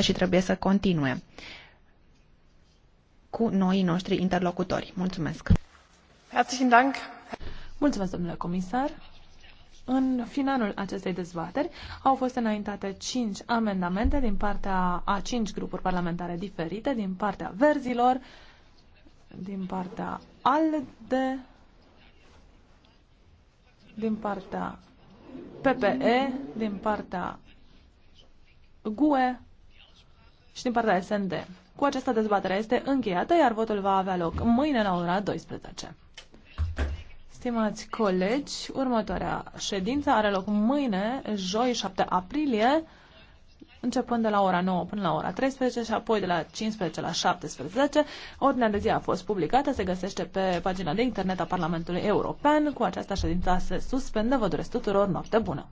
și trebuie să continue cu noi noștri interlocutori. Mulțumesc! Mulțumesc, domnule comisar! În finalul acestei dezbateri au fost înaintate cinci amendamente din partea a cinci grupuri parlamentare diferite, din partea verzilor, din partea ALDE, din partea PPE, din partea GUE, și din partea SND. Cu această dezbatere este încheiată, iar votul va avea loc mâine la ora 12. Stimați colegi, următoarea ședință are loc mâine, joi 7 aprilie, începând de la ora 9 până la ora 13 și apoi de la 15 la 17. Ordinea de zi a fost publicată, se găsește pe pagina de internet a Parlamentului European. Cu această ședință se suspendă. Vă doresc tuturor noapte bună!